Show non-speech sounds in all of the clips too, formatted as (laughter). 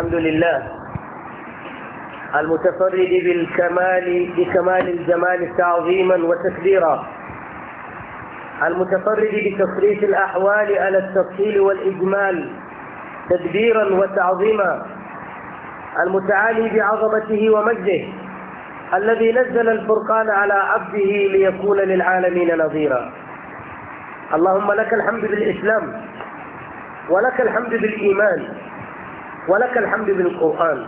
الحمد لله المتفرد بالكمال بكمال الجمال تعظيما وتكبيرا المتفرد بتصريف الأحوال على التفصيل والإجمال تدبيرا وتعظيما المتعالي بعظمته ومجده الذي نزل الفرقان على عبده ليكون للعالمين نظيرا اللهم لك الحمد بالإسلام ولك الحمد بالإيمان ولك الحمد بالقرآن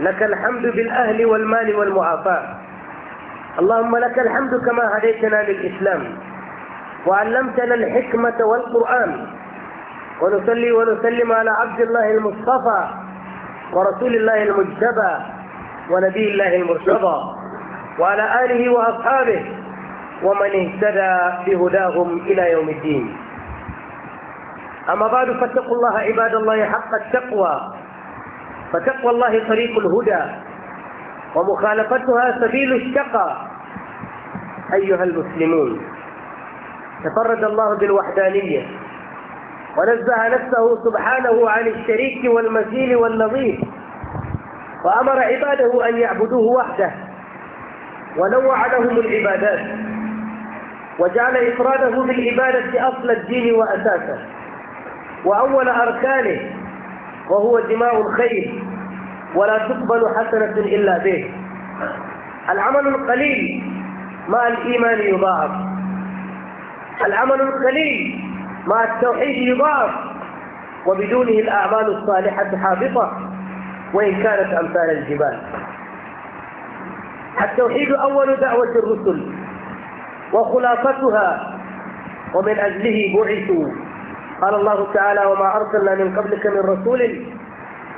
لك الحمد بالأهل والمال والمعافاة اللهم لك الحمد كما هديتنا للإسلام وعلمتنا الحكمة والقرآن ونصلي ونسلم على عبد الله المصطفى ورسول الله المجتبى ونبي الله المرتضى وعلى آله وأصحابه ومن اهتدى بهداهم إلى يوم الدين أما بعد فاتقوا الله عباد الله حق التقوى فتقوى الله طريق الهدى ومخالفتها سبيل الشقى أيها المسلمون تفرد الله بالوحدانية ونزه نفسه سبحانه عن الشريك والمثيل والنظير وأمر عباده أن يعبدوه وحده ونوع لهم العبادات وجعل إفراده بالعبادة أصل الدين وأساسه وأول أركانه وهو دماء الخير ولا تقبل حسنة إلا به العمل القليل مع الإيمان يضاعف العمل القليل مع التوحيد يضاعف وبدونه الأعمال الصالحة حابطة وإن كانت أمثال الجبال التوحيد أول دعوة الرسل وخلاصتها ومن أجله بعثوا قال الله تعالى وما أرسلنا من قبلك من رسول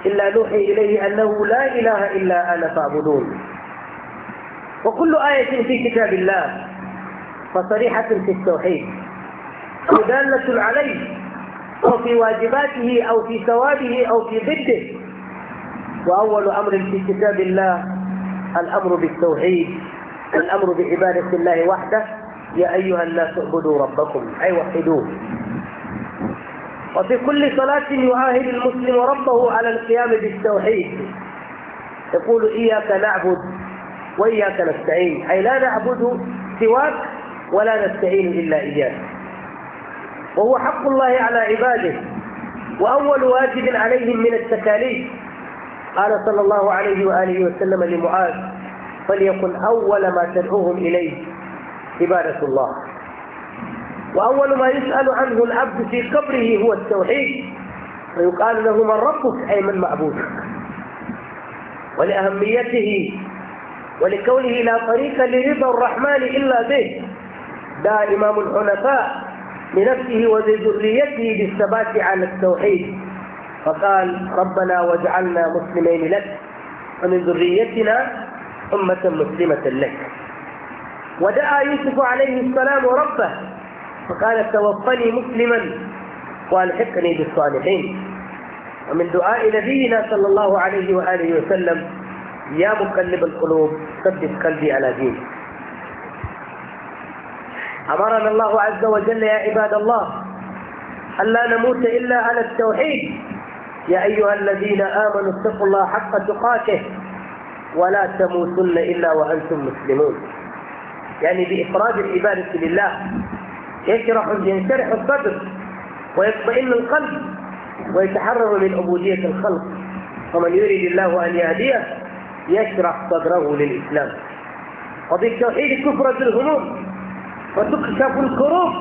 إلا نوحي إليه أنه لا إله إلا أنا فاعبدون وكل آية في كتاب الله فصريحة في التوحيد ودالة عليه أو في واجباته أو في ثوابه أو في ضده وأول أمر في كتاب الله الأمر بالتوحيد الأمر بعبادة الله وحده يا أيها الناس اعبدوا ربكم أي وحدوه وفي كل صلاة يعاهد المسلم ربه على القيام بالتوحيد يقول إياك نعبد وإياك نستعين أي لا نعبد سواك ولا نستعين إلا إياك وهو حق الله على عباده وأول واجب عليهم من التكاليف قال صلى الله عليه وآله وسلم لمعاذ فليكن أول ما تدعوهم إليه عبادة الله وأول ما يسأل عنه العبد في قبره هو التوحيد فيقال له من ربك أي من معبودك ولأهميته ولكونه لا طريق لرضا الرحمن إلا به دعا إمام الحنفاء لنفسه ولذريته بالثبات على التوحيد فقال ربنا واجعلنا مسلمين لك ومن ذريتنا أمة مسلمة لك ودعا يوسف عليه السلام ربه فقال توفني مسلما والحقني بالصالحين ومن دعاء نبينا صلى الله عليه واله وسلم يا مقلب القلوب ثبت قلبي على دينك امرنا الله عز وجل يا عباد الله الا نموت الا على التوحيد يا ايها الذين امنوا اتقوا الله حق تقاته ولا تموتن الا وانتم مسلمون يعني بافراد العباده لله يشرح ينشرح الصدر ويطمئن القلب ويتحرر من عبودية الخلق ومن يريد الله أن يهديه يشرح صدره للإسلام وبالتوحيد كفرة الهموم وتكشف الكروب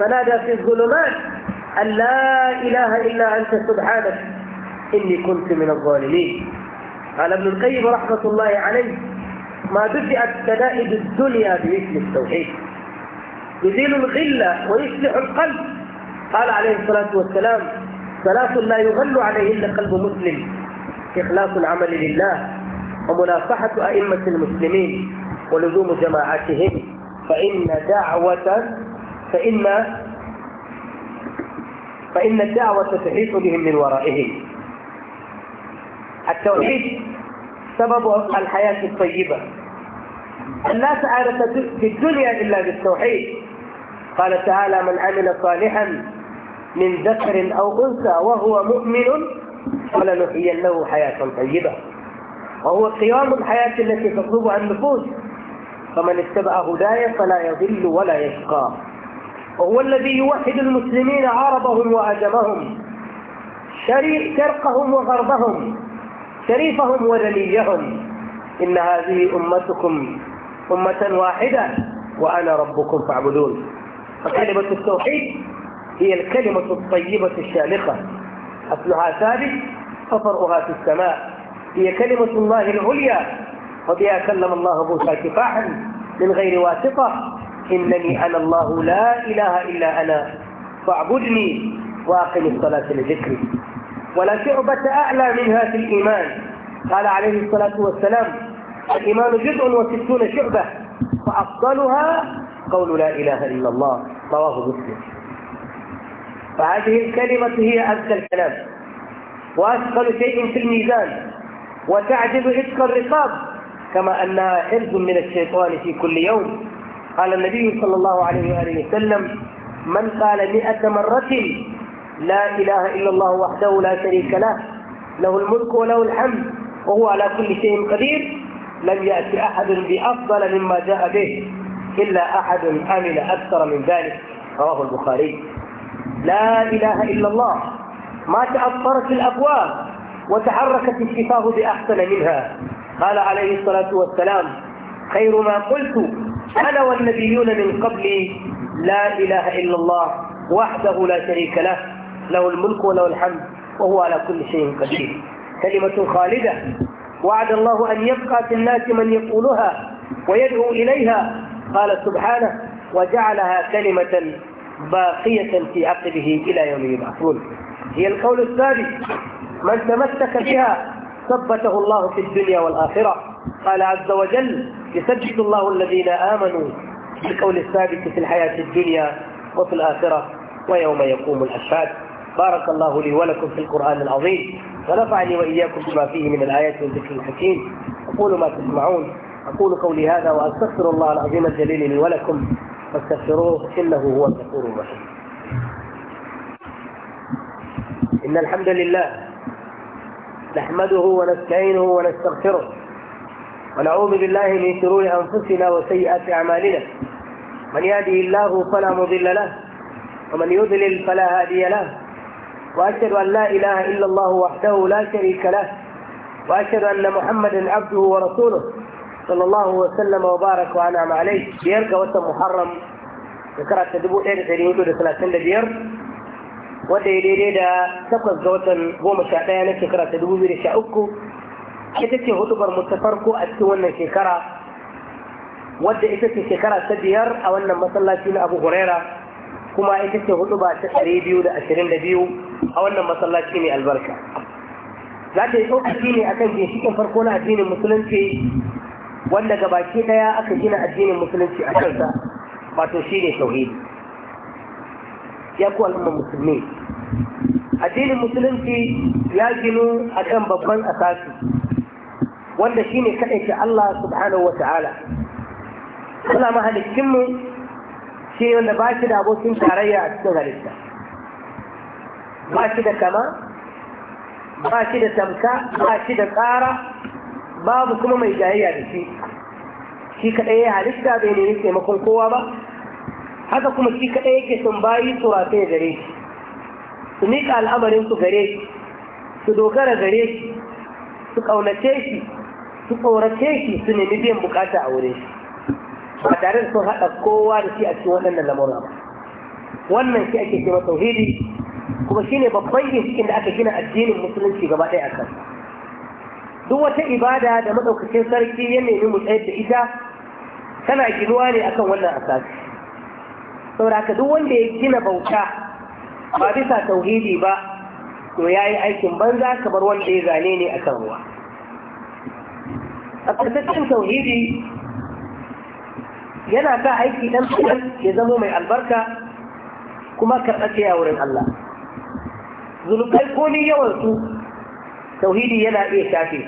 فنادى في الظلمات أن لا إله إلا أنت سبحانك إني كنت من الظالمين قال ابن القيم رحمة الله عليه ما بدأت شدائد الدنيا بمثل التوحيد يزيل الغلة ويصلح القلب قال عليه الصلاة والسلام ثلاث لا يغل عليهن قلب مسلم إخلاص العمل لله ومناصحة أئمة المسلمين ولزوم جماعتهم فإن دعوة فإن فإن الدعوة تحيط بهم من ورائهم التوحيد سبب الحياة الطيبة أن لا سعادة في الدنيا إلا بالتوحيد قال تعالى من عمل صالحا من ذكر أو أنثى وهو مؤمن له حياة طيبة وهو قيام الحياة التي تطلبها النفوس فمن اتبع هداي فلا يضل ولا يشقى وهو الذي يوحد المسلمين عربهم وأجمهم شرقهم وغربهم شريفهم ودنيهم إن هذه أمتكم أمة واحدة وأنا ربكم فاعبدون فكلمة التوحيد هي الكلمة الطيبة الشامخة أصلها ثابت ففرعها في السماء هي كلمة الله العليا وبها كلم الله موسى كفاحا من غير واسطة إنني أنا الله لا إله إلا أنا فاعبدني وأقم الصلاة لذكري ولا شعبة أعلى منها في الإيمان قال عليه الصلاة والسلام الإيمان جزء وستون شعبة فأفضلها قول لا إله إلا الله رواه مسلم فهذه الكلمة هي أبدى الكلام وأثقل شيء في الميزان وتعجب عتق الرقاب كما أنها حرز من الشيطان في كل يوم قال النبي صلى الله عليه وآله وسلم من قال مئة مرة لا إله إلا الله وحده لا شريك له له الملك وله الحمد وهو على كل شيء قدير لم يأتي أحد بأفضل مما جاء به إلا أحد عمل أكثر من ذلك رواه البخاري لا إله إلا الله ما تأثرت الأبواب وتحركت الشفاه بأحسن منها قال عليه الصلاة والسلام خير ما قلت أنا والنبيون من قبلي لا إله إلا الله وحده لا شريك له له الملك وله الحمد وهو على كل شيء قدير كلمة خالدة وعد الله أن يبقى في الناس من يقولها ويدعو إليها قال سبحانه وجعلها كلمة باقية في عقبه إلى يوم يبعثون هي القول الثالث من تمسك بها ثبته الله في الدنيا والآخرة قال عز وجل يثبت الله الذين آمنوا بالقول الثابت في الحياة الدنيا وفي الآخرة ويوم يقوم الأشهاد بارك الله لي ولكم في القرآن العظيم ونفعني وإياكم بما فيه من الآيات والذكر الحكيم أقول ما تسمعون أقول قولي هذا وأستغفر الله العظيم الجليل لي ولكم فاستغفروه إنه هو الغفور الرحيم إن الحمد لله نحمده ونستعينه ونستغفره ونعوذ بالله من شرور أنفسنا وسيئات أعمالنا من يهده الله فلا مضل له ومن يضلل فلا هادي له وأشهد أن لا إله إلا الله وحده لا شريك له وأشهد أن محمدا عبده ورسوله صلى الله وسلم وبارك وأنعم عليه بيرقى وسط محرم shekara ta dubu ɗaya da ɗari hudu da talatin da biyar wadda daidai da takwas ga watan goma sha na shekara ta dubu biyu da sha uku ita ce hudubar ta farko a cikin wannan shekara wadda ita shekara ta biyar a wannan masallacin abu huraira kuma ita ce hudu ba ta ɗari biyu da ashirin da biyu a wannan masallaci ne albarka za ta yi tsokaci ne akan ginshikin farko na addinin musulunci wanda gabaki ɗaya aka gina addinin musulunci a kansa wato shi ne tauhidi ya ku al'umma musulmi addinin musulunci ya ginu a kan babban asasi wanda shi ne kaɗaice Allah subhanahu wa ta'ala. Suna mahalicinmu shi wanda ba shi da abokin tarayya a cikin halitta ba shi da kama ba shi da tamka ba shi da tsara babu kuma mai jayayya da shi shi kaɗai ya halitta bai nemi taimakon kowa ba haka kuma shi kaɗai yake sun bayi tsoratai gare shi su nika al'amarin su gare shi su dogara gare shi su ƙaunace shi su tsorace shi su nemi biyan bukata a wurin shi ba tare da sun haɗa kowa da shi a cikin waɗannan lamura ba wannan shi ake cewa tauhidi kuma shine babban ginshikin da aka gina addinin musulunci gaba ɗaya a kan duk wata ibada da maɗaukacin sarki ya nemi mu tsayar da ita tana ginuwa ne akan wannan asasi saboda haka duk wanda ya gina bauta ba bisa tauhidi ba to ya yi aikin banza kamar wanda ya zane ne akan ruwa a ƙarƙashin tauhidi yana sa aiki ɗan kadan ya zama mai albarka kuma karɓace a wurin Allah zulukai ko ni yawan su tauhidi yana iya shafe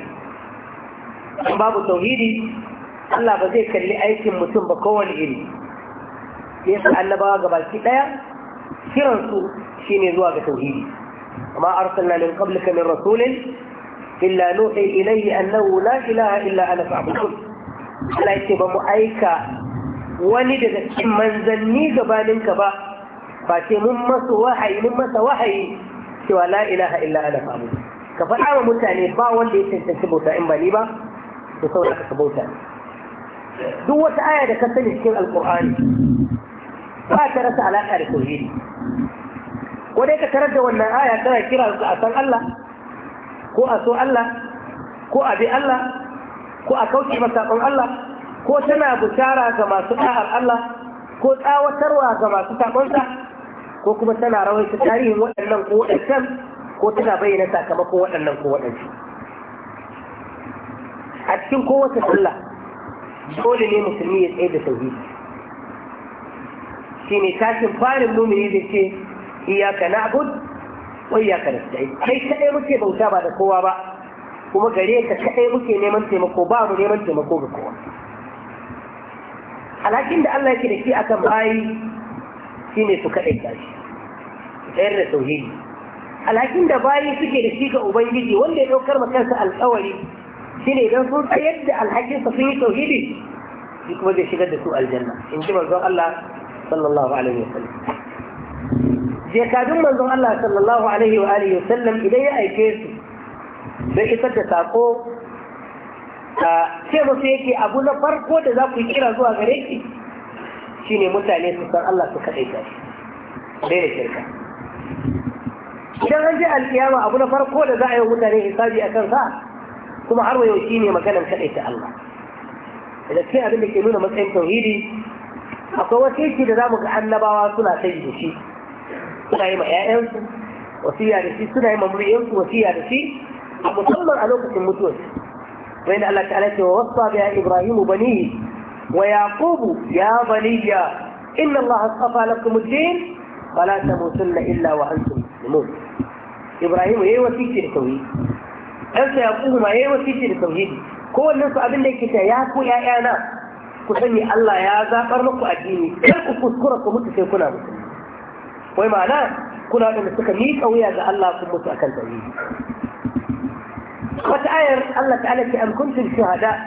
babu tauhidi Allah ba zai kalli aikin mutum ba kowane iri ya sa annabawa baki ɗaya kiransu shine zuwa ga tauhidi amma arsalna min qablika min rasulin illa nuhi ilayhi annahu la ilaha illa ana fa'budun Allah yake ba mu aika wani daga cikin manzanni gabaninka ba ba ce mun masu wahayi mun masa wahayi cewa la ilaha illa ana famu ka faɗa wa mutane ba wanda ya cancanci bauta in ba ni ba to saboda ka bauta duk wata aya da ka sani cikin alƙur'ani ba ta rasa alaƙa da tauhidi ko dai ka tarar da wannan aya tana kira a san Allah ko a so Allah ko a bi Allah ko a kauce masa Allah ko tana bishara ga masu ɗa'ar Allah ko tsawatarwa ga masu saƙonsa ko kuma tana rawaita tarihin waɗannan ko waɗancan ko tana bayyana sakamakon waɗannan ko waɗancan a cikin kowace sallah dole ne musulmi ya tsaye da tauhidi shi ne tashin farin mumini da ce iyaka na'bud wa iyaka nasta'in kai kaɗai muke bauta ba da kowa ba kuma gare ka kaɗai muke neman taimako ba mu neman taimako ga kowa alhakin da Allah yake da shi akan bayi shine su kaɗai tashi tsayar da tauhidi alhakin da bayi suke da shi ga ubangiji wanda ya ɗaukar ma kansa alƙawari shine idan sun tsayar da alhakinsa sun yi tauhidi shi kuma zai shigar da su aljanna in ji manzon Allah sallallahu alaihi wa sallam jakadun manzon Allah sallallahu alaihi wa alihi wa sallam idan ya aike su zai isar da sako sai musu yake abu na farko da za ku yi kira zuwa gare shi ne mutane su san Allah su kaɗai ta shi shirka idan an ji alkiyama abu na farko da za a yi mutane hisabi a kansa kuma har yau ne maganar kaɗai ta Allah da cikin abin da ke nuna matsayin tauhidi akwai wasu yake da zamu ga annabawa suna sai da shi suna yi ma 'ya'yansu wasiya da shi suna yi ma muryansu wasiya da shi a musamman a lokacin mutuwarsu وإن الله تعالى ووصى بها إبراهيم بنيه ويعقوب يا بني إن الله اصطفى لكم الدين فلا تموتن إلا وأنتم مسلمون إبراهيم إيه وسيلة التوحيد أنت يعقوب ما إيه وسيلة التوحيد كو الناس أبن لك يا كو يا أنا كسني الله يا زافر لكم أديني كلكم كسكركم متسيكونا مسلمين وإما أنا kuna da suka miƙa wuya ga Allah sun mutu akan tauhidi وقت آير الله سألك أن كنت الشهداء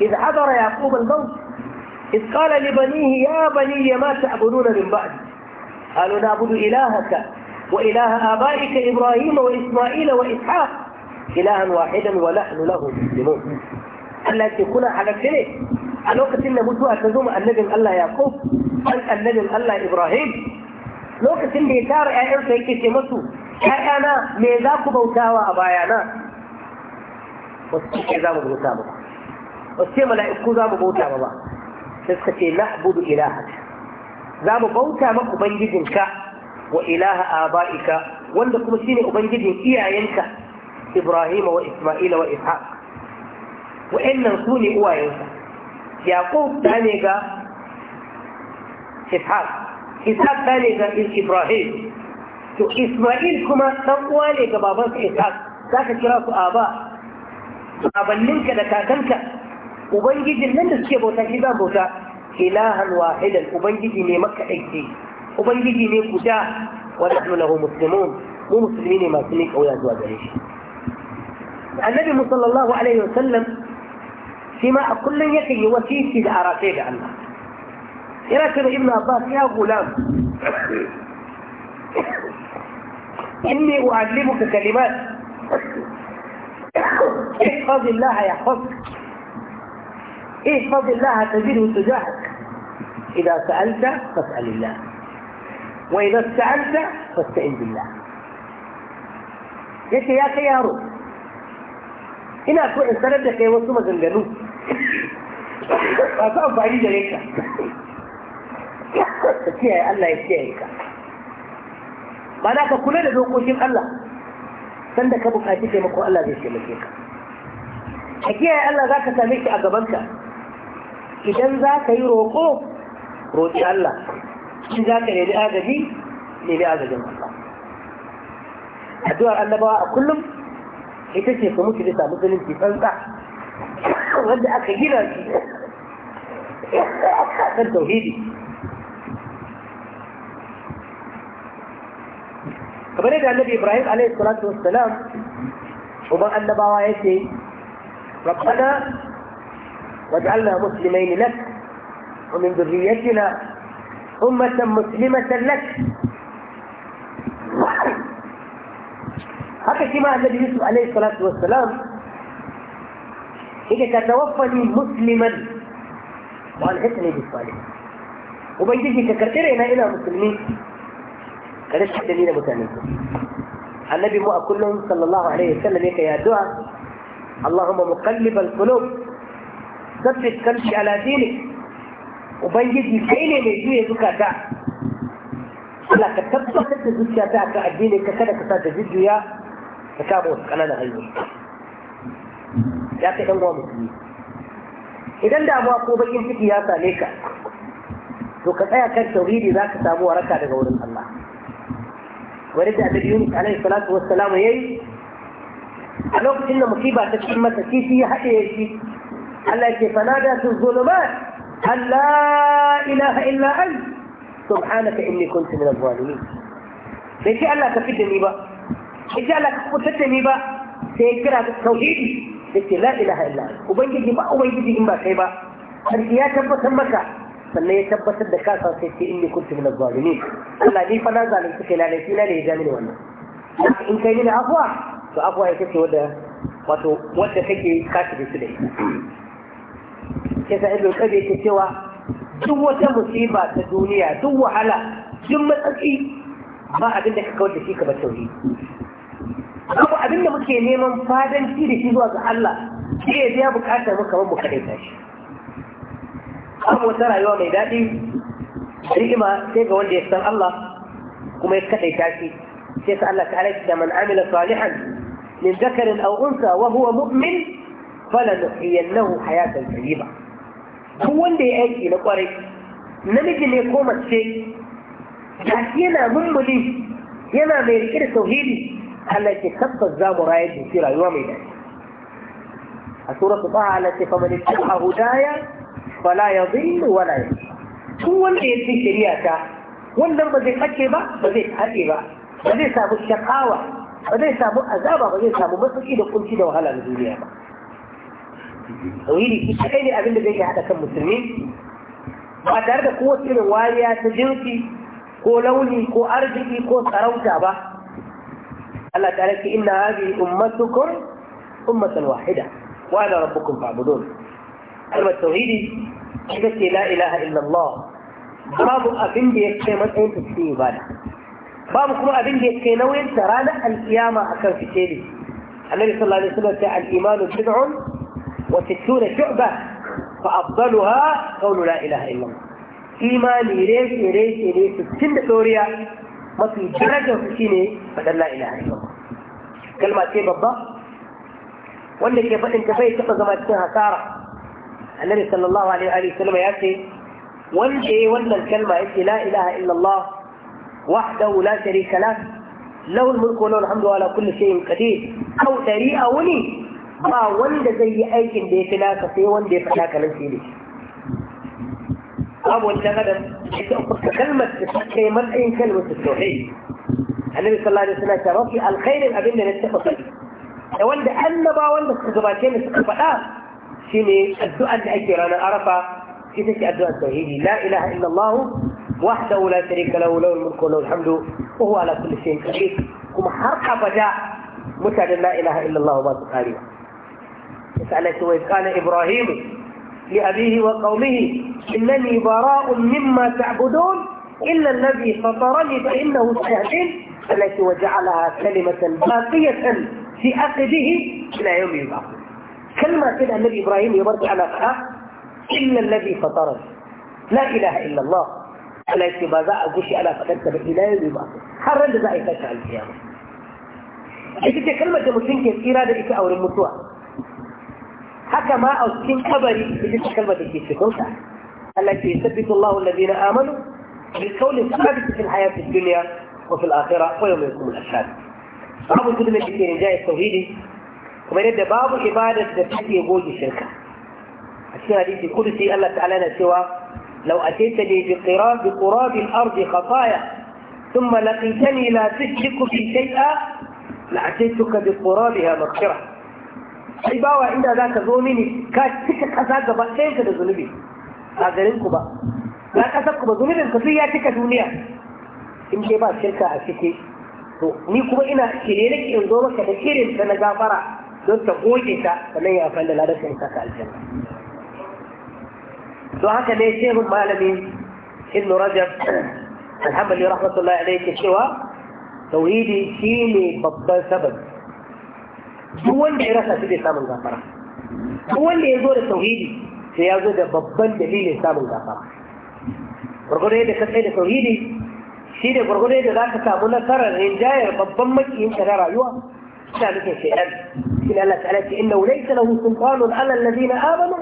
إذ حضر يعقوب الموت إذ قال لبنيه يا بني ما تعبدون من بعد قالوا نعبد إلهك وإله آبائك إبراهيم وإسماعيل وإسحاق إلها واحدا ونحن له مسلمون ألا تكون على كله إيه؟ الوقت اللي بدو أتزوم النجم الله يعقوب أن النجم الله إبراهيم الوقت اللي تار أعرف هيك في مصر أنا ميزاكو بوتاوى أبايانا ba ce za mu bauta ba ba su ce mala'iku za mu bauta ba ba sai suka ce na'budu ilaha za mu bauta ma ubangijinka wa ilaha aba'ika wanda kuma shi shine ubangijin iyayenka ibrahima wa isma'ila wa ishaq wa'annan su ne uwayensa yaqub ta ne ga ishaq ishaq ta ne ga ibrahim to isma'il kuma dan uwa ne ga babansa ishaq ka kira su aba abanninka da kakanka ubangijin nan da suke bauta shi za bauta ilahan wahidan ubangiji ne maka ɗaiɗe ubangiji ne guda wanda su lahu muslimun mu musulmi ne masu ne kauya zuwa gare shi annabi mu sallallahu alaihi wasallam shi ma a kullum yakan yi wasisi da arafe da Allah yana cewa ibn abbas ya gulam inni u'allimuka kalimat احفظ الله يحفظك احفظ الله تجده تجاهك إذا سألت فاسأل الله وإذا استعنت فاستعن بالله يا يا خيار هنا كل إنسان لديك يوصم زنجنو فأصاب بعيدة لك تكيه الله يتكيه لك ما ناكا كلنا ذوقوا شيء الله sanda ka bukaci taimako Allah zai taimake ka a kiyaye Allah za ka same shi a gabanka idan za ka yi roƙo roƙi Allah in za ka nemi agaji nemi agajin Allah addu'ar annabawa a kullum ita ce ku mutu da bisa musulunci tsantsa wanda aka gina shi (laughs) kan tauhidi خبرې د نبی ابراهیم علیه الصلاه والسلام او با ان بوایته ربنا وجعلنا مسلمين لك ومن ذريتنا أمة مسلمة لك هكذا كما النبي يوسف عليه الصلاة والسلام إذا تتوفني مسلما وأنا حسني بالصالح وبيجي كثيرين إلى مسلمين رشح دليل أبو تأمين النبي مؤى كلهم صلى الله عليه وسلم يكي يا دعاء اللهم مقلب القلوب ثبت قلبي على دينك وبيض يسيني من يجوي يدوك أتاع لا كتبت حتى زوجي تاع الدين كتنا كتاتي جدو يا فكابوس أنا نغيب يا تكن هو مسلم إذا ده أبو أبو بيجي يا ساليكا لو كتايا توحيدي ذاك تابو ركع لغور الله wani da annabi Yunus alaihi salatu wassalam yayi a lokacin da musiba ta cikin masa kifi ya haɗe shi Allah yake fanada su zulumat Allah ilaha illa an subhanaka inni kuntu min al-zalimin bai ce Allah ka fidda ni ba bai ce Allah ka kutar da ni ba sai ya kira da tauhidi in ba kai ba har ya tabbatar maka sannan ya tabbatar da kasa sai ce inni kuntu min az-zalimin Allah ni fa na zalunci kai na ne na ne ya mini wannan in kai mini afwa to afwa ya kace wanda wato wanda kake kashi da shi da ita sai sa ibn qabi yake cewa duk wata musiba ta duniya duk wahala duk matsatsi ba abin da ka kawar da shi ka bar tauhidi babu abin da muke neman fadanci da shi zuwa ga Allah shi ya biya bukatar mu kamar mu kadaita shi an wata rayuwa mai daɗi ni'ima sai ga wanda ya san Allah kuma ya kaɗai tashi sai ka Allah ta'ala da man amila salihan min zakarin aw unsa wa huwa mu'min falanuhiyannahu hayatan tayyiba duk wanda ya aiki na kwarai namiji ne ko mace da yana mummuli yana mai rike da tauhidi Allah ke tabbas za mu rayar da shi rayuwa mai daɗi a suratul taha Allah ce faman ittaqa hudaya fala ya zillu wala ya tun wanda ya fi shari'a ta wannan ba zai kace ba ba zai haɗe ba ba zai samu shakawa ba zai samu azaba ba zai samu matsaki da kunci da wahala na duniya ba tauhidi shi kadai ne abin da zai haɗa kan musulmi ba tare da kowace irin wariya ta jinsi ko launi ko arziki ko sarauta ba Allah ta rake inna hadhihi ummatukum ummatan wahida wa ana rabbukum fa'budun كلمة توحيدي كلمة لا إله إلا الله باب أبن دي يكي من أين تسكي إبادة باب كما أبن دي نوين ترانا القيامة أكثر في تيلي النبي صلى الله عليه وسلم قال الإيمان بدع وستون شعبة فأفضلها قول لا إله إلا الله إيمان إليه إليه إليه ستين دوريا ما في درجة في سيني بدل لا إله إلا الله كلمة كيف الضغط وأنك انت كفاية تقضى ما تكون هكارة النبي صلى الله عليه واله وسلم يأتي وانجي إيه وانا الكلمة يأتي لا إله إلا الله وحده لا شريك له له الملك وله الحمد على كل شيء قدير أو تري او لي ما وانجي زي أيكن دي فلاكة في وانجي فلاكة لنسيلي أبو الجغد كلمة تسكي من أي كلمة التوحيد النبي صلى الله عليه وسلم يقول الخير الأبن نتفصل وانجي أنبا وانجي سكتباتين سكتباتين سيني الدعاء أن أنا أرفع كيف أدو الدعاء توهيدي لا إله إلا الله وحده لا شريك له له الملك وله الحمد وهو على كل شيء قدير كما حرق فجاء مشهد لا إله إلا الله ما تقاليه يسأل سويس قال إبراهيم لأبيه وقومه إنني براء مما تعبدون إلا الذي فطرني فإنه سيهدين التي وجعلها كلمة باقية في أقده إلى يوم الباقي كلمة كده النبي إبراهيم يرد على فأه إلا الذي فطرني لا إله إلا الله على اتباع ذا أقوشي على فقدت بإله وما حرد ذا إفتح القيامة إذا كلمة مسلم كثيرة ذلك أو المتوى حكى ما أو سكين أبري إذا كلمة كثيرة التي يثبت الله الذين آمنوا بالقول الثابت في الحياة الدنيا وفي الآخرة ويوم يقوم الأشهاد أبو كلمه الكثير جاء التوحيدي kamar yadda babu ibadar da take goge shirka a cikin hadisi kursi Allah ta'ala na cewa law atayta li bi qirabi qurabi al-ard khataya thumma laqitani la tushriku fi shay'a la ataytuka bi qurabiha maghfira bawa inda zaka zo mini ka cika kasa gaba ɗayanka da zunubi a garin ku ba na kasar ku ba zunubin ku sai ya cika duniya in ke ba shirka a cike to ni kuma ina shirye nake in zo maka da irin ta na gafara don ta goge ta sannan ya amfani da ladar ya saka aljanna don haka ne shehun malami ibn rajab alhamdulillah rahmatullahi alaihi ke cewa tauhidi shine babban sababi duk wanda ya rasa shi bai samun gafara duk wanda ya zo da tauhidi sai ya zo da babban dalilin samun gafara gwargwado da ka tsaye da tauhidi shi da gwargwado yadda za ka samu nasarar rinjayar babban makiyin ka na rayuwa ذلك شيئا لكن الله تعالى إنه ليس له سلطان على الذين آمنوا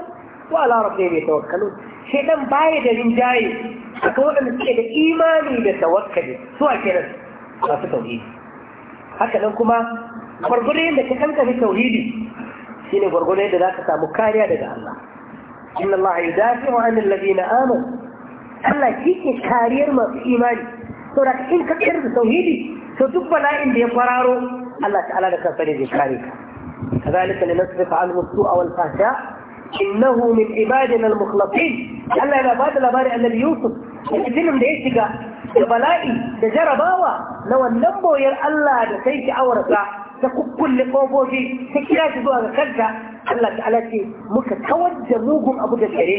وعلى ربهم يتوكلون شيئا بايد من جاي أكون مسكين إيماني يتوكل سواء كانت خاصة توحيد هكذا كما gwargwadon da ka kanka fi tauhidi shine gwargwadon da za ka samu kariya daga Allah inna Allah yudafi'u 'anil ladina amanu Allah shi ke kariyar masu imani saboda in ka kiyar da tauhidi to duk bala'in da ya fararo. Allah ta'ala da kansa ne zai kare ka kazalika linasrifa anhu su'a wal fahsha innahu min ibadina al mukhlasin Allah yana bada labari annabi Yusuf da da ya shiga da bala'i da jarabawa na wannan boyar Allah da sai ki aurata ta kukkulle kofofi ta kira shi zuwa ga kanta Allah ta'ala ce muka kawar da mugun abu da dare.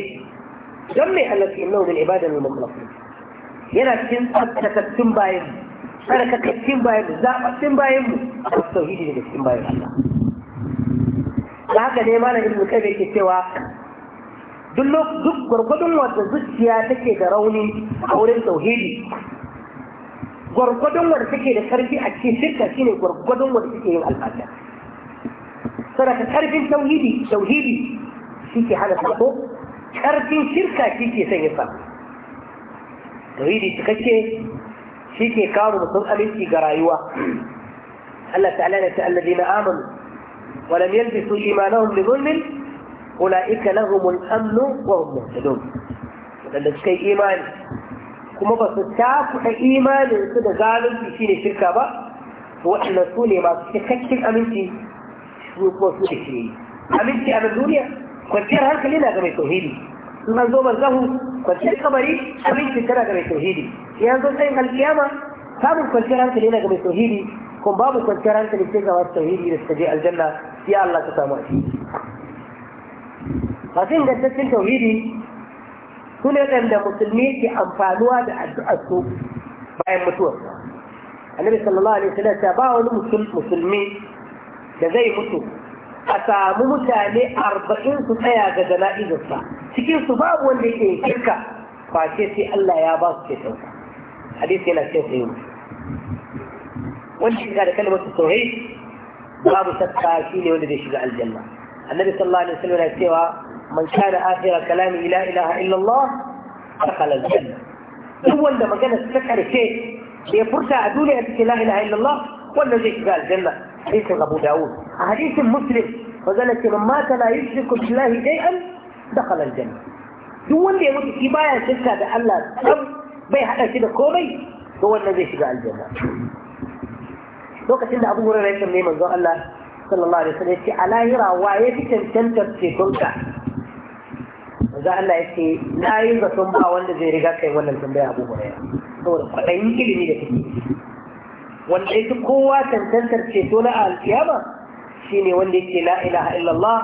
don mai Allah ce innahu min ibadina al mukhlasin yana cikin tsaftatattun bayan Ka tsarkaka cikin bayan mu zaɓaɓɓin bayan mu a wasu tauhidi daga cikin bayan Allah da haka ne malam ibnu kai yake cewa duk duk gwargwadon wata zuciya take da rauni a wurin tauhidi gwargwadon wanda take da karfi a cikin shirka shine gwargwadon wanda take yin alfasha saboda karfin tauhidi tauhidi shike hana sako karfin shirka shi shike sanya sa tauhidi cikakke shi ke kawo mutum aminci ga rayuwa Allah ta'ala ne ta allazi na amanu wa lam yalbisu imanahum bi zulmin ulaika lahumul amnu wa hum muhtadun wadanda suka yi imani kuma ba su tafuka imanin su da zalunci shine shirka ba waɗannan su ne masu cikakken aminci su ko su da shi aminci a duniya kwanciyar hankali na ga mai tauhidi in an zo manzahu kwanciyar kamari aminci tana ga mai tauhidi yanzu sai alkiyama samun kwanciyar hankali na game tauhidi kuma babu kwanciyar hankali sai ga wasu tauhidi da suka je aljanna ya Allah ka samu a ciki masu ingantaccen tauhidi su ne waɗanda musulmi ke amfanuwa da addu'ar su bayan mutuwar annabi sallallahu alaihi wasallam ta ba wani musulmi da zai mutu a samu mutane arba'in su tsaya ga jana'izarsa cikin su babu wanda yake kirka face sai Allah ya ba su cetonsa hadisi yana cikin sayo wanda shiga da kalmar tauhid babu shakka shi ne wanda zai shiga aljanna annabi sallallahu alaihi wasallam yana cewa man kana akhira kalami la ilaha illa Allah dakhala aljanna duk wanda magana ta karshe da ya furta a duniya ta ce la illa Allah wannan zai shiga aljanna hadisin Abu Dawud a hadisin Muslim fazalati man mata la yushriku billahi shay'an dakhala aljanna duk wanda ya mutu baya shirka da Allah bai haɗa shi da komai to wannan zai shiga aljanna lokacin da abu wurin rai mai manzon Allah sallallahu alaihi wasallam ya ce alahira wa ya fi cancantar cetonka manzon Allah ce na yi zaton ba wanda zai riga kai wannan tambaya abu wurin saboda kwaɗayin ilimi da kake wanda ya kowa cancantar ceto na alkiyama shine wanda yake la ilaha illallah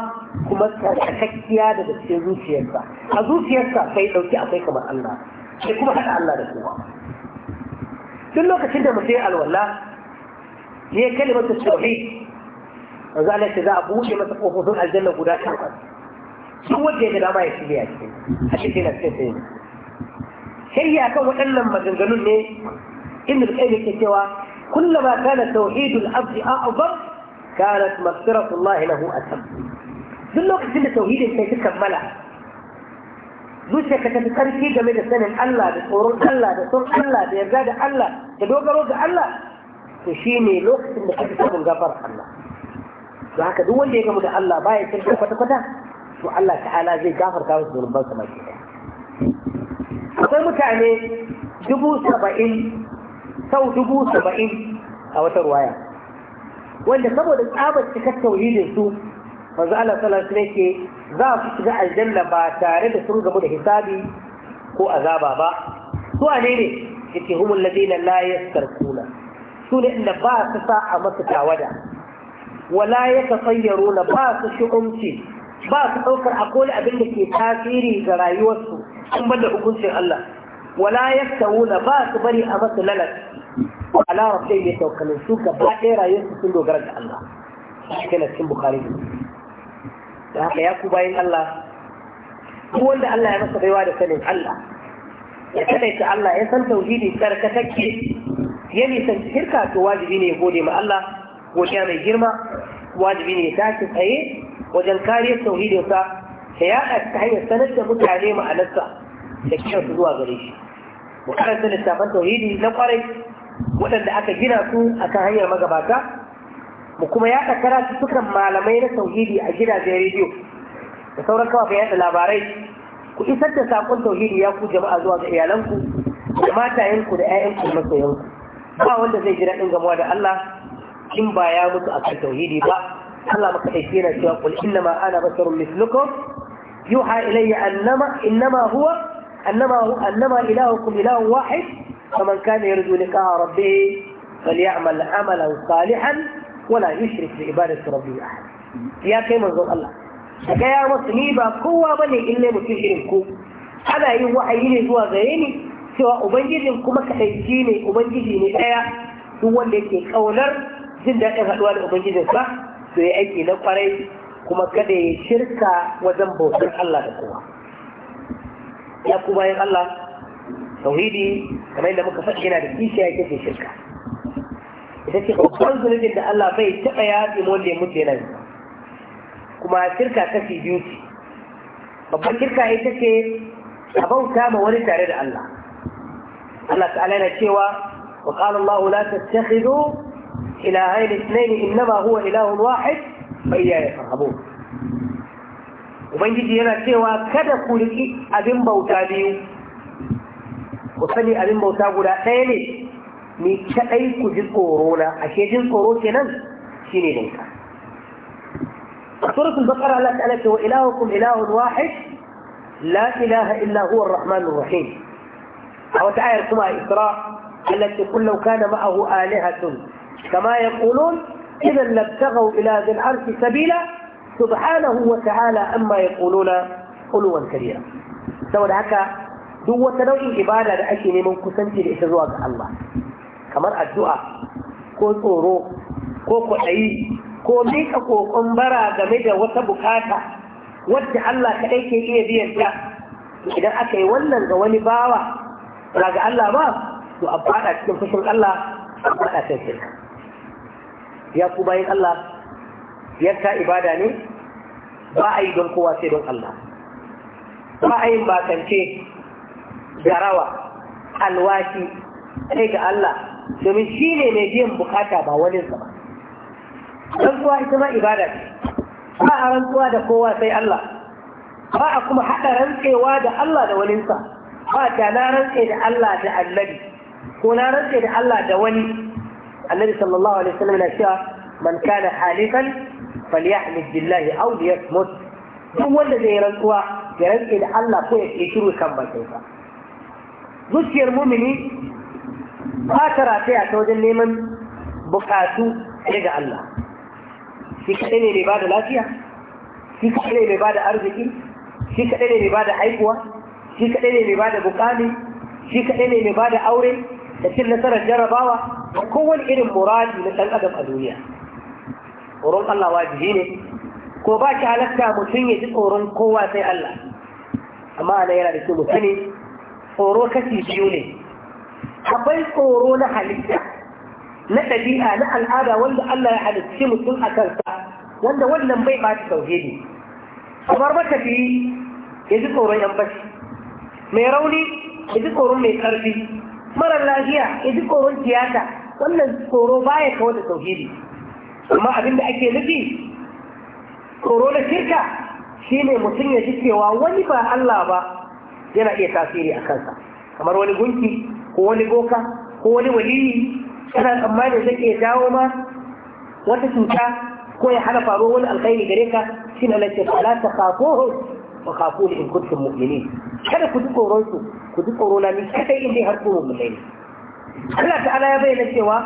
kuma tsarkakakkiya daga cikin zuciyarsa a zuciyarsa sai ɗauki akwai kamar Allah sai kuma haɗa Allah da kowa duk lokacin da mutum ya alwala ya yi kalimar ta tauhid yanzu Allah ce za a buɗe masa ƙofofin aljanna guda takwas duk wanda ya ga dama ya shirya cikin a cikin na cikin sai ne sai ya kan waɗannan maganganun ne ibn al-qayyim ke cewa kullama kana tauhidul abdi a'zam kanat maghfiratullah lahu atam duk lokacin da tauhidin kai ta kammala zuciya ka tafi karfi game da sanin Allah da tsoron Allah da son Allah da yarda da Allah da dogaro ga Allah to shi ne lokacin da kake samun gafar Allah to haka duk wanda ya gamu da Allah baya shirka kwata kwata to Allah ta'ala zai gafarta masa zunuban sa mai akwai mutane dubu saba'in sau dubu saba'in a wata ruwaya wanda saboda tsabar cikar tauhidin su manzo Allah sallallahu alaihi wasallam yake za su shiga aljanna ba tare da sun gamu da hisabi ko azaba ba su ne ne yake humul ladina la yastarquna su ne inda ba su sa a masu tawada wala na ba su shi'umci ba su daukar akwai abin da ke tasiri ga rayuwarsu an bada hukuncin Allah wala yaktawuna ba su bari a masu lalat ala rabbihim yatawakkalun su gaba ɗaya rayuwarsu sun dogara ga Allah kana cikin bukhari da haka ya ku bayan Allah duk wanda Allah ya masa baiwa da sanin Allah ya sanaita Allah ya san tauhidi tsarkakakke ya nisanci shirka to wajibi ne gode ma Allah godiya mai girma wajibi ne tashi tsaye wajen kariyar tauhidinsa ta yaɗa ta hanyar sanar da mutane ma'anarsa da kiran su zuwa gare shi mu karanta littafan tauhidi na kwarai waɗanda aka gina su akan hanyar magabata mu kuma su suka malamai na tauhidi a gidajen rediyo da sauran kafafen yaɗa labarai ku isar da sakon tauhidi ya ku jama'a zuwa ga iyalanku da matayenku da 'ya'yanku da masoyanku ba wanda zai ji daɗin gamuwa da Allah kin ba ya mutu akan tauhidi ba Allah maka ɗauke yana cewa kul ma ana basarun mislukum yuha ilayya annama innama huwa annama annama ilahukum ilahun wahid faman kana yarju liqa rabbih فليعمل عملا صالحا wala yushrik bi ibadati rabbi ahad ya kai manzon Allah kai ya masa ni ba kowa bane illa mutum irin ku ana yin ayi ne zuwa ga ni cewa ubangiji kuma kadaici ne ubangiji ne daya duk wanda yake kaunar jin daɗin haɗuwa da ubangijin ba. to ya aiki na kwarai kuma kada ya shirka wajen bautar Allah da kowa ya kuma yin Allah tauhidi kamar yadda muka faɗi yana da kishiya yake shirka ita ce babban zunubin da Allah bai taɓa yaƙi wanda ya mutu nan kuma shirka kashi biyu ce babban shirka ita ce a bauta ma wani tare da Allah Allah ta'ala yana cewa wa qala Allah la tattakhidhu ilahayn ithnayn innama huwa ilahun wahid fa iyaya farhabun ubangiji yana cewa kada ku riki abin bauta biyu ku sani abin bauta guda ɗaya ne ni kadai ku ji tsoro ashe jin tsoro kenan shine سورة البقرة لا هو وإلهكم إله واحد لا إله إلا هو الرحمن الرحيم أو تعالى كما إسراء التي قل لو كان معه آلهة كما يقولون إذا لابتغوا إلى ذي العرش سبيلا سبحانه وتعالى أما يقولون علوا كبيرا سواء هكا دو وتنوع إبادة لأشي من كسنتي لإتزواج الله kamar addu'a ko tsoro ko kwaɗayi ko miƙa kokon bara game da wata bukata wadda Allah kaɗai ke iya biyan ta idan aka yi wannan ga wani bawa ba ga Allah ba to a faɗa cikin fushin Allah a faɗa cikin shirka ya ku bayan Allah yanka ibada ne ba a yi don kowa sai don Allah ba a yin bakance garawa alwashi sai ga Allah domin shi ne mai biyan bukata ba wani ba rantsuwa ita ma ibada ce ba a rantsuwa da kowa sai Allah ba a kuma haɗa rantsewa da Allah da sa. ba ta na rantse da Allah da annabi ko na rantse da Allah da wani annabi sallallahu alaihi wasallam na cewa man kana halifan falyahmid billahi aw liyasmut duk wanda zai rantsuwa ya rantse da Allah ko ya shiru kan bakinsa zuciyar mumini ba ta rataya ta wajen neman bukatu sai ga Allah shi kaɗai ne mai ba da lafiya shi kaɗai ne mai ba da arziki shi kaɗai ne mai ba da haihuwa shi kaɗai ne mai ba da bukami shi kaɗai ne mai ba da aure da cin nasarar jarabawa da kowane irin muradi na ɗan adam a duniya tsoron Allah wajibi ne ko ba shi halatta mutum ya ji tsoron kowa sai Allah amma ana yana da su mutane tsoro kashi biyu ne akwai tsoro na halitta na ɗabi'a na al'ada wanda Allah ya halicci mutum a kansa wanda wannan bai ba shi ne, kamar matafiyi ya ji tsoron yan bashi mai rauni ya ji tsoron mai ƙarfi mara lafiya ya ji tsoron tiyata wannan tsoro baya kawo da ne, amma abin da ake nufi tsoro na shirka shine mutum ya ji cewa wani ba Allah ba yana iya tasiri a kansa kamar wani gunki ko wani boka ko wani waliyi kana tsammanin zai iya jawo ma wata cuta ko ya hana faruwar wani alkhairi gare ka shine Allah ce fala ta khafuhu wa khafuni in kuntum mu'minin kada ku ji tsoron su ku ji tsoro na ni kadai in dai har ku mu'mini Allah ta'ala ya bayyana cewa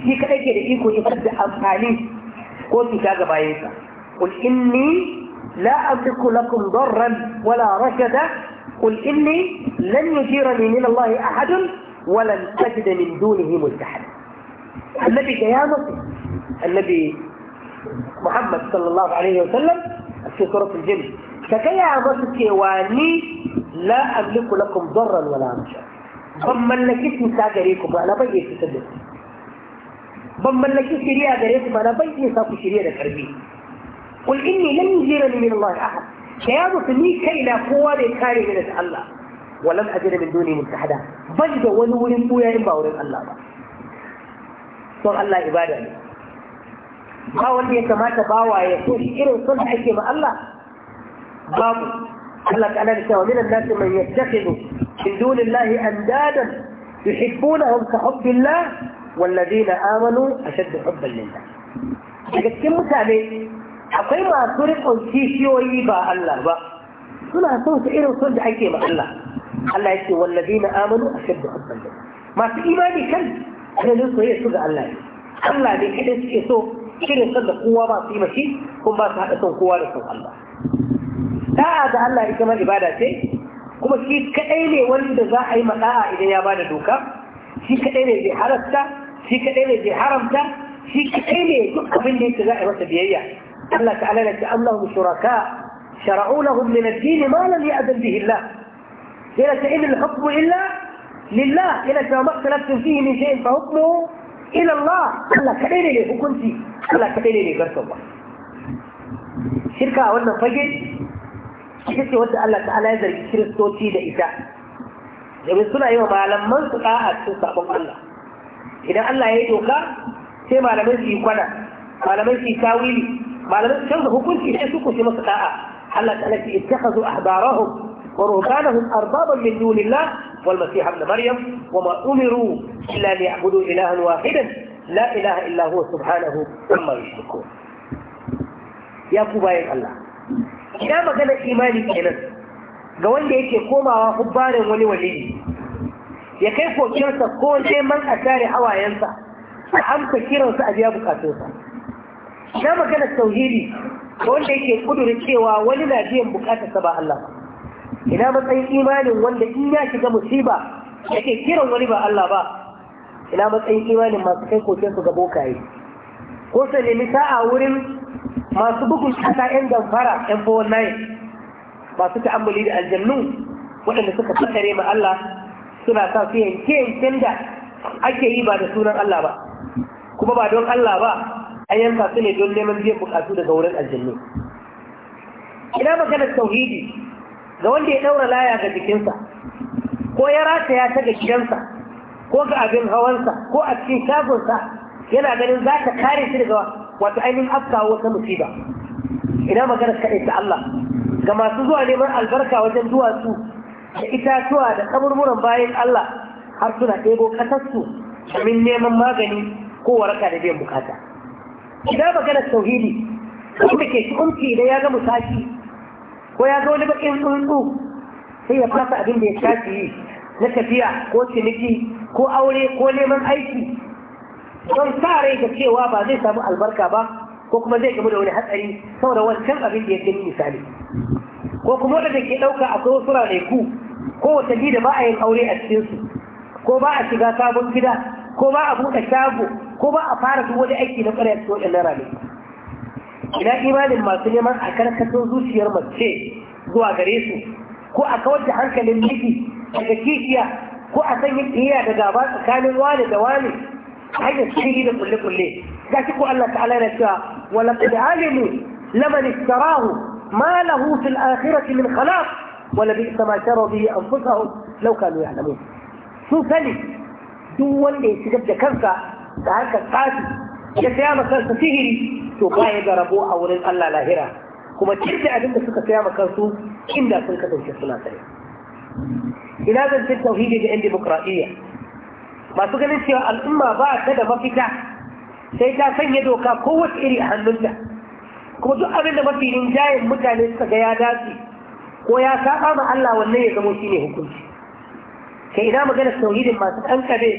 shi kadai ke da iko ya fadda amfani ko cuta ga bayansa qul inni la amliku lakum darran wala rashada قل إني لن يجيرني من الله أحد ولن أجد من دونه ملتحدا النبي قيامته النبي محمد صلى الله عليه وسلم في سورة الجن فقيامتك واني لا أملك لكم ضرا ولا نفعا ban mallaki cuta أنا ku في na bai iya cutar da ku ban mallaki shirya gare قل إني لن يجيرني من الله أحد يا مسلمي كي لا قوة لكاري من الله ولم أجد من دوني متحدا بجد ونور بويا إن باور الله با صلى الله عبادة لي ما ولي كما تباوى يقول إن صلح حكيم الله باب الله تعالى لكي من الناس من يتخذ من دون الله أندادا يحبونهم كحب الله والذين آمنوا أشد حبا لله لكن كم متابعين akwai masu rikon kishiyoyi ba Allah ba suna son su irin son da ake ma Allah Allah ya ce wallazi na amanu a shaddu hubban da masu imani kan ganin soyayya su ga Allah ne Allah ne kada suke so irin son da kowa ba su yi mashi kuma ba su haɗa son kowa da son Allah da'a da Allah ita ma ibada ce kuma shi kaɗai ne wanda za a yi maɗa'a idan ya bada doka shi kaɗai ne zai haramta shi kaɗai ne zai haramta shi kaɗai ne duk abin da yake za a yi masa biyayya قال علينا ك أ ن شركاء شرعوا لهم من الدين ما لم ياذن به الله إ ل ان الحكم الا لله إ ل ما اختلفتم فيه من شيء فحكمه الى ل الله قال لك اين لي وكنت قال لك اين لي غير الله شركه اولا فجد شركه ودى الله تعالى اذا الشرك توتي ل إ ت ا ه لما يقول ايها ما الله إذا ذ ا الله يدعوك كما لم يجي يقنع ما لم يجي ساويلي malamai canza hukunci sai su kuce masa ta'a, Allah ta nace ittakhadhu ahbarahum ورهبانهم أربابا من دون الله والمسيح ابن Maryam, وما أمروا إلا أن يعبدوا إلها واحدا لا إله إلا هو سبحانه عما يشركون يا كوباي الله إذا ما ga wanda yake komawa hubbarin wani waliyi ya kai kokiyarsa ko neman a tare hawayensa a amsa kiransa a biya bukatunsa na magana tauhidi wanda yake kudurin cewa wani na biyan sa ba Allah ina matsayin imanin wanda in ya shiga musiba yake kiran wani ba Allah ba ina matsayin imanin masu kai koken su ga bokaye ko ne nemi sa'a wurin masu bugun kasa yan damfara yan fowon nayin masu ta'ammuli da aljannu waɗanda suka fassare ma Allah suna sa su yanke yanken da ake yi ba da sunan Allah ba kuma ba don Allah ba an yanka su ne don neman biyan bukatu daga wurin aljannu ina maganar tauhidi ga wanda ya daura laya ga jikinsa ko ya rataya ta ga gidansa ko ga abin hawansa ko a cikin shagonsa yana ganin za ta kare shi daga wato ainihin afkawa wata musiba ina maganar kaɗai ta Allah ga masu zuwa neman albarka wajen duwatsu da itatuwa da kaburburan bayan Allah har suna ɗebo ƙasarsu domin neman magani ko waraka da biyan bukata. ina maganar tauhidi kuma ke unki da ya ga musaki ko ya ga wani bakin tsuntsu sai ya fasa abin da ya shafi yi na tafiya ko ciniki ko aure ko neman aiki don sa rai da cewa ba zai samu albarka ba ko kuma zai gamu da wani hatsari saboda wancan abin da ya gani misali ko kuma wanda ke ɗauka akwai wasu ku ko watanni da ba a yin aure a cikinsu ko ba a shiga sabon gida ko ba a buɗe shago ko ba a fara duk wani aiki na ƙwarar cikin waɗannan ranaku ina imanin masu neman a karkatar zuciyar mace zuwa gare su ko a kawar da hankalin miki daga kishiya ko a sanya iya da gaba tsakanin wani da wani hanyar sirri da kulle-kulle ga shi ko Allah ta'ala yana cewa wala qad alimu laman istarahu ma lahu fil akhirati min khalaq wala bi ma sharu bihi anfusahum law kanu ya'lamun su sani duk wanda ya shigar da kansa da harkar tsafi ya saya ma kansu sihiri to ba ya ga rabo a wurin Allah lahira kuma cikin abin da suka saya ma kansu inda sun kasance suna tsaye ina zan ce tauhidi da yan demokradiyya masu ganin cewa al'umma ba ta da mafita sai ta sanya doka kowace iri a hannunta kuma duk abin da mafi rinjayen mutane suka ga ya dace ko ya saba ma Allah wannan ya zamo shine hukunci kai ina magana tauhidin masu kankare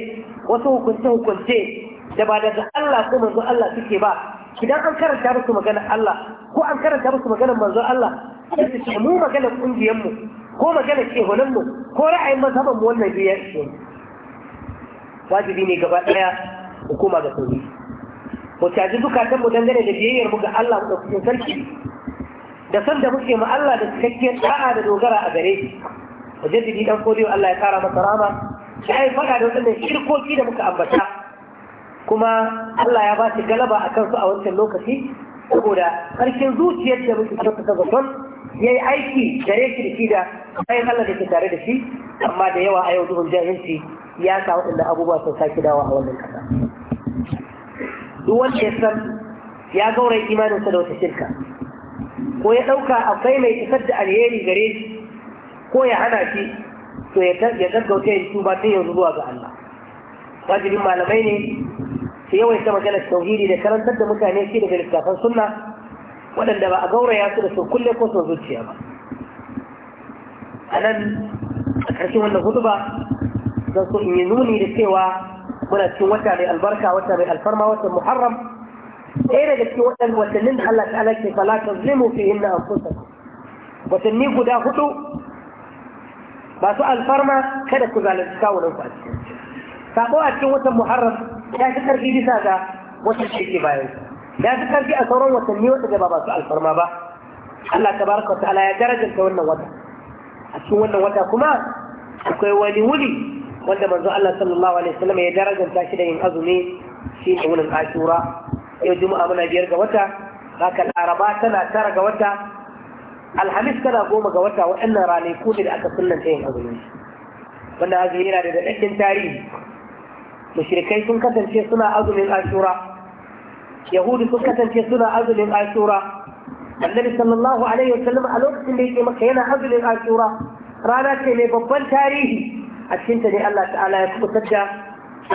wasu hukunce hukunce da ba daga Allah ko manzo Allah suke ba idan an karanta musu magana Allah ko an karanta musu magana manzo Allah sai su mu magana kungiyar mu ko magana holan mu ko ra'ayin mazhaban mu wannan biyar. ce wajibi ne gaba daya hukuma ga ko mu caji zukatan mu dangane da biyayyar mu ga Allah da ɗauki sarki da san da muke mu Allah da cikakkiyar da'a da dogara a gare shi wajibi dan kodiyo Allah ya kara masa rama sai faɗa da wannan shirkoki da muka ambata kuma Allah ya ba shi galaba a kansu a wancan lokaci saboda karshen zuciyar da muke kyauta ta zaton ya yi aiki da ya kirki da bayan Allah da ke tare da shi amma da yawa a yau duhun jahilci ya sa waɗanda abubuwa sun sake dawa a wannan ƙasa duk wanda ya san ya gaurayi imaninsa da wata shirka ko ya ɗauka akwai mai isar da alheri gare shi ko ya hana shi to ya gaggauta yin tuba tun yanzu zuwa ga Allah wajibin malamai ne su yawaita maganar tauhidi da karantar da mutane shi daga littafan sunna waɗanda ba a gauraya su da sun kulle ko sun zuciya ba a nan a ƙarshen wannan ba, zan so in yi nuni da cewa muna cikin wata mai albarka wata mai alfarma watan muharram ɗaya daga cikin waɗannan watannin da Allah ta'ala ke fala ta zimu fi hinna anfusakum watanni guda hudu ba su alfarma kada ku zalunci kawunan ku a sabo a cikin watan muharram ya fi karfi bisa ga watan da yake bayan ya fi karfi a sauran watanni da ba masu alfarma ba Allah tabaraka wa ta'ala ya darajanta wannan wata a cikin wannan wata kuma akwai wani wuri wanda manzo Allah sallallahu alaihi wasallam ya darajanta shi da yin azumi shi ne wurin Ashura yau juma'a muna biyar ga wata haka Laraba tana tara ga wata Alhamis tana goma ga wata waɗannan ranaku ne da aka sunanta yin azumi wannan azumi yana da daɗaɗɗen tarihi mushrikai sun kasance suna azumin ashura Yahudi sun kasance suna azumin ashura annabi sallallahu alaihi wasallam a lokacin da yake maka yana azumin ashura rana ce mai babban tarihi a cikin ta ne Allah ta'ala ya kubutar da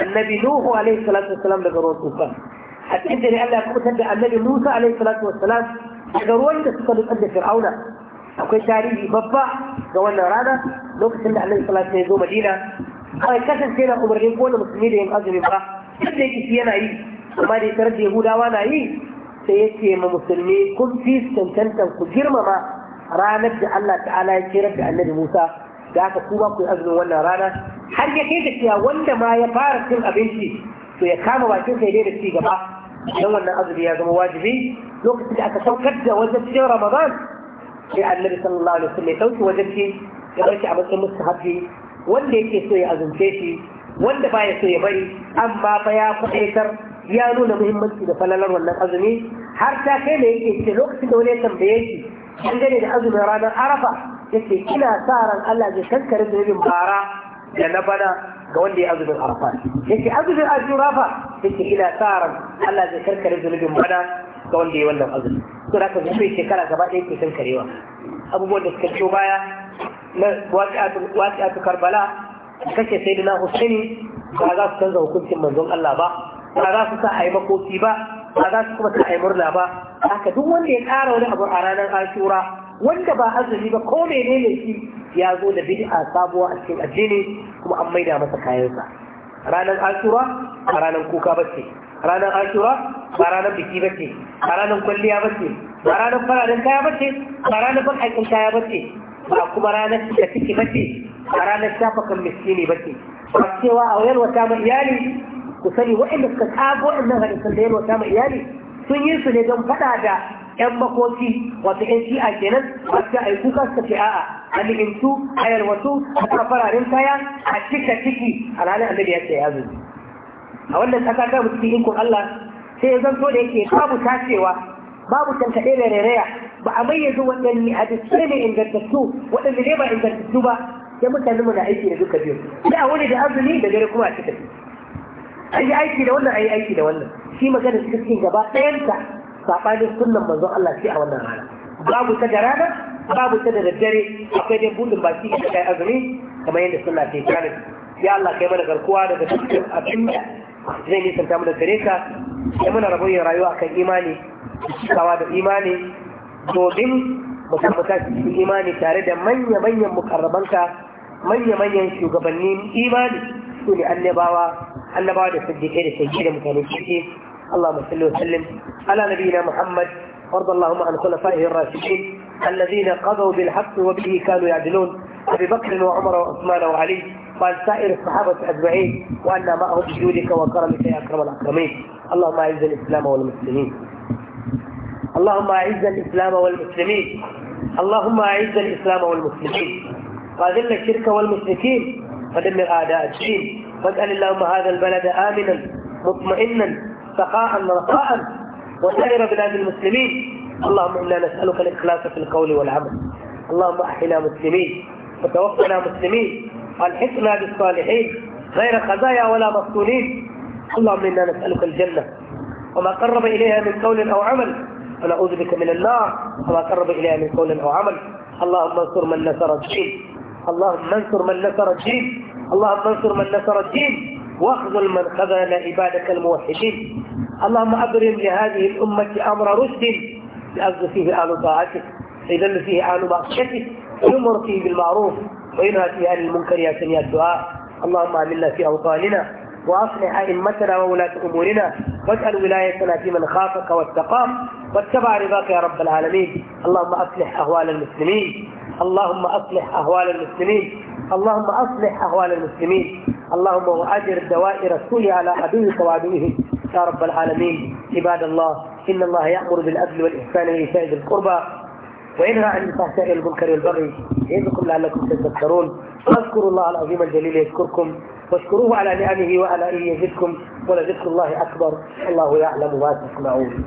annabi nuhu alaihi salatu wasalam daga ruwan tufan a cikin ta ne Allah ya kubutar da annabi musa alaihi salatu wasalam daga ruwan da suka nutsar da fir'auna akwai tarihi babba ga wannan rana lokacin da annabi sallallahu alaihi wasallam ya zo madina kawai kasance umarni umarnin kowane musulmi da yin azumi ba yadda yake yana yi amma da ya da yahudawa na yi sai ya ce ma musulmi kun fi cancantan ku girmama ranar da Allah ta'ala ya kira da annabi Musa da aka kuma ku yi azumin wannan rana har ya kai da cewa wanda ma ya fara cin abinci to ya kama bakin sai dai da ci gaba don wannan azumi ya zama wajibi lokacin da aka saukar da wajen Ramadan sai annabi sallallahu alaihi wasallam ya dauki wajen ci ya bar shi a matsayin mustahabi wanda yake so ya azumce shi wanda ba ya so ya bari amma fa ya kwaɗaitar ya nuna muhimmanci da falalar wannan azumi har ta kai da yake ce lokacin da wani ya tambaye shi dangane da azumin ranar arafa yake ina sa ran Allah ya kankare zunubin bara da na bana ga wanda ya azumin arafa yake azumin arafa yake ina sa ran Allah ya kankare zunubin bana ga wanda ya wannan azumi to da haka zai shekara gaba ɗaya ke kankarewa abubuwan da suka ciyo baya na waƙi'atu karbala kashe sai dina husaini ba za su canza hukuncin manzon Allah ba ba za su sa a yi makoki ba ba za su kuma sa a yi murna ba haka duk wanda ya ƙara wani abu a ranar ashura wanda ba azumi ba ko ne shi ya zo da bid'a sabuwa a cikin addini kuma an maida masa kayansa ranar ashura a ranar kuka bace ranar ashura ba ranar biki bace ba ranar kwalliya bace ba ranar fararen kaya bace ba ranar ban kaya bace ba kuma ranar da ciki bace ba ranar shafakan miskini bace ba cewa a wayar wata ma iyali ku sani waɗanda suka tsago waɗannan hadisan da wata ma iyali sun yi su ne don faɗa da 'yan makoki wato ƴan shi'a kenan wasu a yi kuka suka ce a'a a limintu a yalwatu a kuma fararen kaya a cika ciki a ranar annabi ya ce ya zo a wannan tsaka mutum in kun Allah sai ya zanto da yake babu tacewa babu tankaɗe da rairaya ba a bayyana waɗanne a gaske ne ingantattu waɗanda ne ba ingantattu ba sai mutane mu na aiki da duka biyu da a wani da azumi da dare kuma a cika an yi aiki da wannan a yi aiki da wannan shi magana suka cikin gaba ɗayanta saɓanin sunan manzon Allah sai a wannan rana babu ta da rana babu ta da daddare akwai dai buɗin baki da kai azumi kamar yadda suna ta yi ya Allah kai mana garkuwa daga cikin abin da zai nisanta mu da gare ka sai muna rabon rayuwa kan imani cikawa da imani domin ba kuma cikin imani tare da manya-manyan mukarrabanka manya-manyan shugabannin imani su ne annabawa annabawa da siddiƙai da shaƙi da mutane ciki Allah musalli wa sallim ala nabiyina Muhammad wa اللهم عن خلفائه الراشدين الذين قضوا بالحق وبه كانوا يعدلون ابي wa وعمر وعثمان وعلي وعن سائر الصحابه اجمعين وان معهم بجودك وكرمك يا اكرم الاكرمين اللهم اعز الاسلام والمسلمين اللهم أعز الإسلام والمسلمين اللهم أعز الإسلام والمسلمين وأذل الشرك والمشركين ودمر أعداء الدين واجعل اللهم هذا البلد آمنا مطمئنا سخاء رخاء وسائر بلاد المسلمين اللهم إنا نسألك الإخلاص في القول والعمل اللهم أحينا مسلمين وتوفنا مسلمين والحقنا بالصالحين غير خزايا ولا مفتونين اللهم إنا نسألك الجنة وما قرب إليها من قول أو عمل أنا أعوذ بك من النار وما قرب إليها من قول أو عمل اللهم انصر من نصر الدين اللهم انصر من نصر الدين اللهم انصر من نصر الدين واخذل من خذل عبادك الموحدين اللهم أبرم لهذه الأمة أمر رشد لأجل فيه آل طاعتك يدل فيه آل معصيتك ويمر فيه بالمعروف وينهى فيه عن المنكر يا سميع الدعاء اللهم آمنا في أوطاننا وأصلح أئمتنا وولاة أمورنا واجعل ولايتنا في من خافك واتقاك واتبع رضاك يا رب العالمين اللهم أصلح أهوال المسلمين اللهم أصلح أهوال المسلمين اللهم أصلح أهوال المسلمين اللهم وأجر دوائر السوء على عدوك وعدوه يا رب العالمين عباد الله إن الله يأمر بالعدل والإحسان وإيتاء ذي القربى وإنها عن الفحشاء والمنكر والبغي يعظكم لعلكم تذكرون فاذكروا الله العظيم الجليل يذكركم واشكروه على نعمه وعلى إن يزدكم ولذكر الله أكبر الله يعلم ما تسمعون